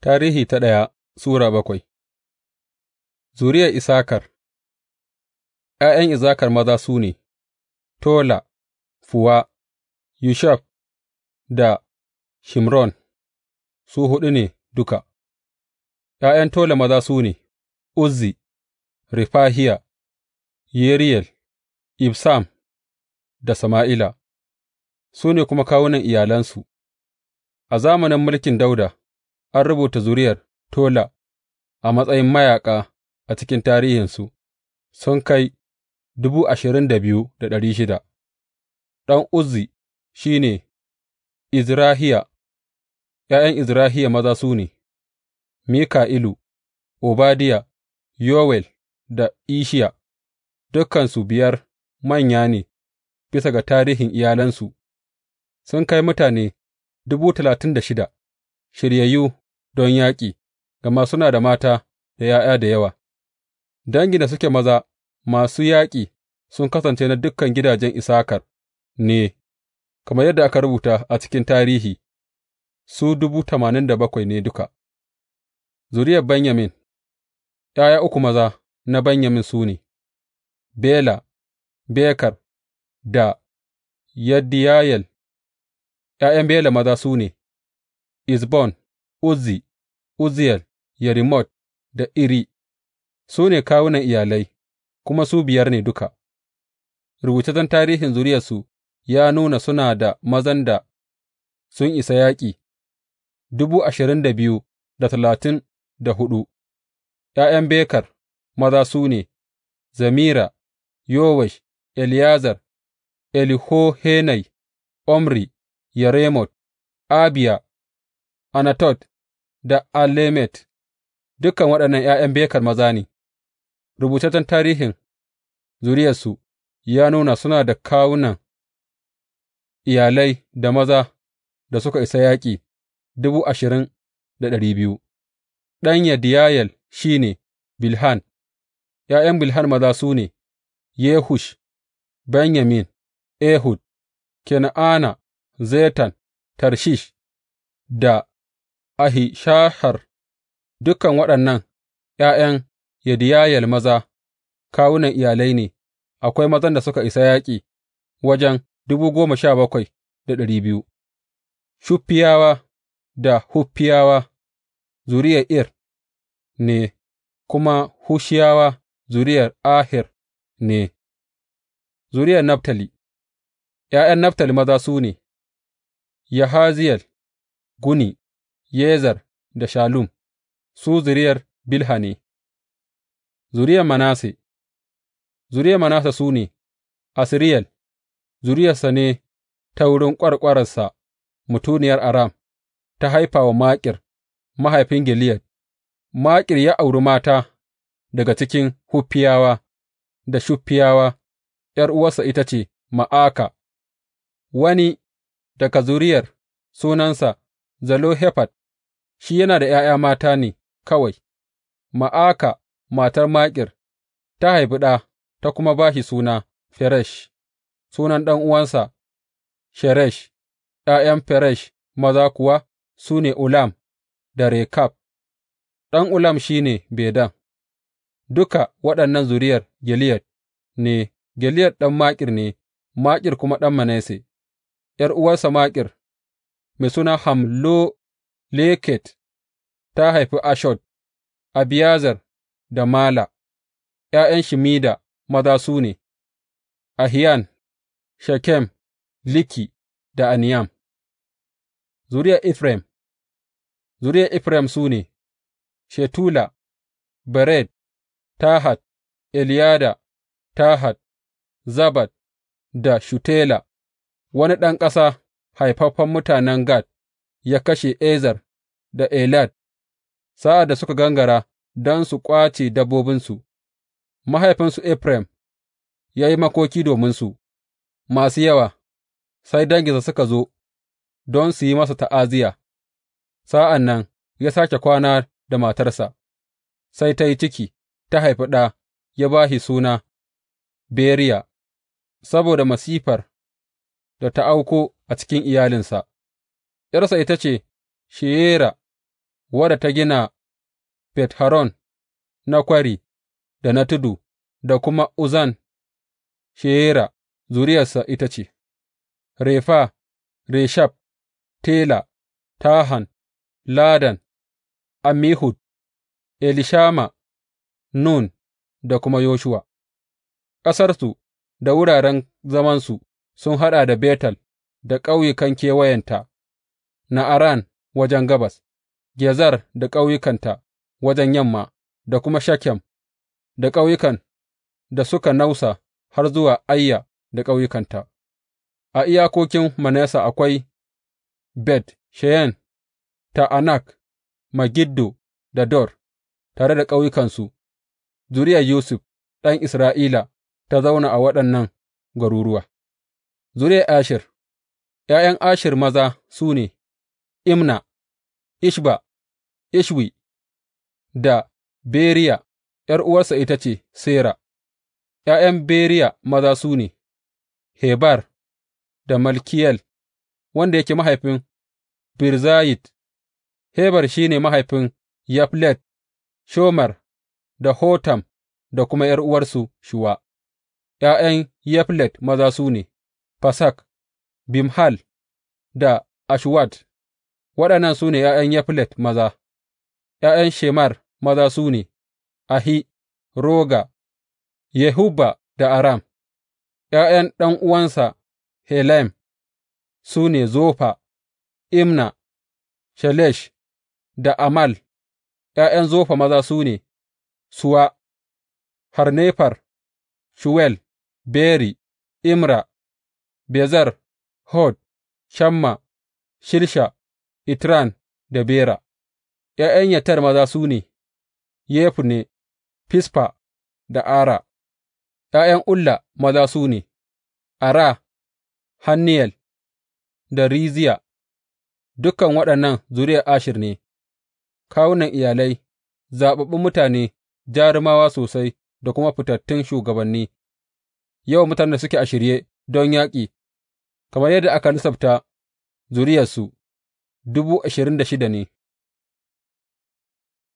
Tarihi ta ɗaya Sura bakwai Zuriya Isakar. ’Ya'yan izakar maza su ne, Tola, Fuwa, Yushaf da Shimron, su huɗu ne duka, ’ya'yan Tola maza su ne, Uzzi, Rifahiya, Yeriyel, Ibsam da Sama'ila, su ne kuma kawunan iyalansu a zamanin mulkin Dauda. an rubuta zuriyar Tola a matsayin mayaƙa a cikin tarihinsu, sun kai dubu ashirin da da biyu shida. Ɗan Uzzi shi ne Izrahiya, ’ya'yan Izrahiya maza su ne, Mika'ilu, Obadiya, Yowel da Ishiya, dukansu biyar manya ne bisa ga tarihin iyalansu, sun kai mutane dubu talatin da shida shiryayyu. don yaƙi, gama suna da mata da ’ya'ya da yawa, dangin da suke maza masu yaƙi sun kasance na dukan gidajen Issakar ne, kamar yadda aka rubuta a cikin tarihi, su dubu tamanin da bakwai ne duka. Zuriyar Benyamin ’Ya'ya uku maza na Benyamin su ne, Bela, Bekar da Yediyayel, ’ya'yan Bela maza su ne, Ezbon, Uzzi Uzziyel, Yerimot da Iri, su ne kawunan iyalai, kuma su biyar ne duka, rubutaccen tarihin zuriyarsu ya nuna suna da mazan da sun isa yaƙi dubu ashirin da biyu da talatin da hudu, ’ya'yan Bekar maza su ne, Zamira, Yowash, Eliyazar, Elihohenai, Omri, Yeremot, Abiya, Anatot. da Alemet, dukan waɗannan ’ya'yan bekar maza ne, rubutaccen tarihin zuriyarsu ya nuna suna da kawunan iyalai da maza da suka isa yaƙi dubu ashirin da ɗari biyu, ɗan Yediyayel shi ne Bilhan, ’ya'yan Bilhan maza su ne, Yehush, Benyamin, Ehud, Kena'ana, Zetan, Tarshish da Ahishahar Dukan waɗannan ’ya'yan Yediyayel maza, kawunan iyalai ne, akwai mazan da suka isa yaƙi wajen dubu goma sha bakwai da ɗari biyu, Shuffiyawa da Huffiyawa zuriyar Ir ne, kuma Hushiyawa zuriyar Aher ne, zuriyar Naftali ’Ya'yan Naftali maza su ne, Yahaziyel, Guni. Yezer da Shallum su zuriyar Bilha ne, zuriyar Manasse Zuriyar Manasse su ne, Asiriyel, zuriyarsa ne ta wurin ƙwarƙwararsa mutuniyar Aram, ta haifa wa Makir mahaifin Gileyad, Makir ya auri mata daga cikin Huffiyawa da Shuffiyawa, ’yar'uwarsa ita ce Ma'aka, wani daga zuriyar sunansa Zelofehad shi yana da ’ya'ya mata ne kawai, Ma'aka matar Makir ta haifi ɗa, ta kuma ba shi suna Feresh, sunan ɗan'uwansa Sheresh, ’ya'yan Feresh maza kuwa su ne Ulam da Rekab, ɗan Ulam shi ne Bedan, duka waɗannan zuriyar Gileyad ne, Gileyad ɗan Makir ne, Makir kuma ɗan Manasse, ’yar'uwarsa Makir. mai suna hamloleket ta haifi Ashod, Abiyezer da Mala, ’ya'yan Shimida maza su ne, Ahiyan, Shekem, Liki da Aniyam. Zuriyar Efraim Zuriyar Efraim su ne, Shetula, Bered, Tahat, Eliyada, Tahat, Zabad da Shutela, wani ɗan ƙasa haifaffen mutanen Gad ya kashe Ezer da Elad sa'ad da suka gangara don su ƙwace dabbobinsu, mahaifinsu Efraim ya yi makoki dominsu masu yawa, sai danginsa suka zo don su yi masa ta'aziyya, sa'an nan ya sake kwana da matarsa, sai ta yi ciki, ta haifi ɗa, ya ba shi suna Beriya, saboda masifar da ta auko a cikin iyalinsa, ’yarsa ita ce Sheyera, wadda ta gina Bet Horon na kwari da na tudu da kuma Uzan Sheyera, zuriyarsa ita ce, Refa, Reshab, Tela, Tahan, Ladan, Ammihud, Elishama, Nun da kuma Yoshuwa, ƙasarsu da wuraren zamansu sun haɗa da Betel. da ƙauyukan kewayenta, Na'aran wajen gabas, Gezar da ƙauyukanta wajen yamma, da kuma Shekem da ƙauyukan da suka nausa har zuwa Aiya da ƙauyukanta. A iyakokin Manasa akwai Bet Sheyan, Ta'anak, Magiddo da Dor, tare da ƙauyukansu, zuriyar Yusuf ɗan Isra'ila ta zauna a waɗannan garuruwa. Zuriyar Asher. ’Ya'yan Asher maza su ne, Imna, Ishba, Ishwi da Beriya, ’yar'uwarsa ita ce Sera, ’ya'yan Beriya maza su ne, Hebar. da Malkiyel, wanda yake mahaifin Birzayit, Hebar shi ne mahaifin Yaflet, Shomer da Hotam da kuma ’yar'uwarsu Shuwa, ’ya'yan Yaflet maza su ne, Fasak. Bimhal da Ashwat Waɗannan su ne ’ya'yan Yaflet maza, ’ya'yan Shemer maza su ne, Ahi, Roga, yehuba da Aram, ’ya'yan ɗan'uwansa Helem su ne Zofa, Imna, Shelesh da Amal, ’ya'yan Zofa maza su ne, Suwa, Harnefer, Shuwal, Beri, Imra, Bezer Hod, Shamma, Shirsha, Itran da Bera ’Ya'yan Yeter maza su ne, Yefunne, Fisfa da Ara ’Ya'yan Ulla maza su ne, Ara, Hanniyel da Riziya, dukan waɗannan zuriyar ashir ne, kawunan iyalai, zaɓaɓɓun mutane, jarumawa sosai da kuma fitattun shugabanni, Yau mutanen da suke a shirye don yaƙi. kamar yadda aka lissafta zuriyarsu, dubu ashirin da shida ne.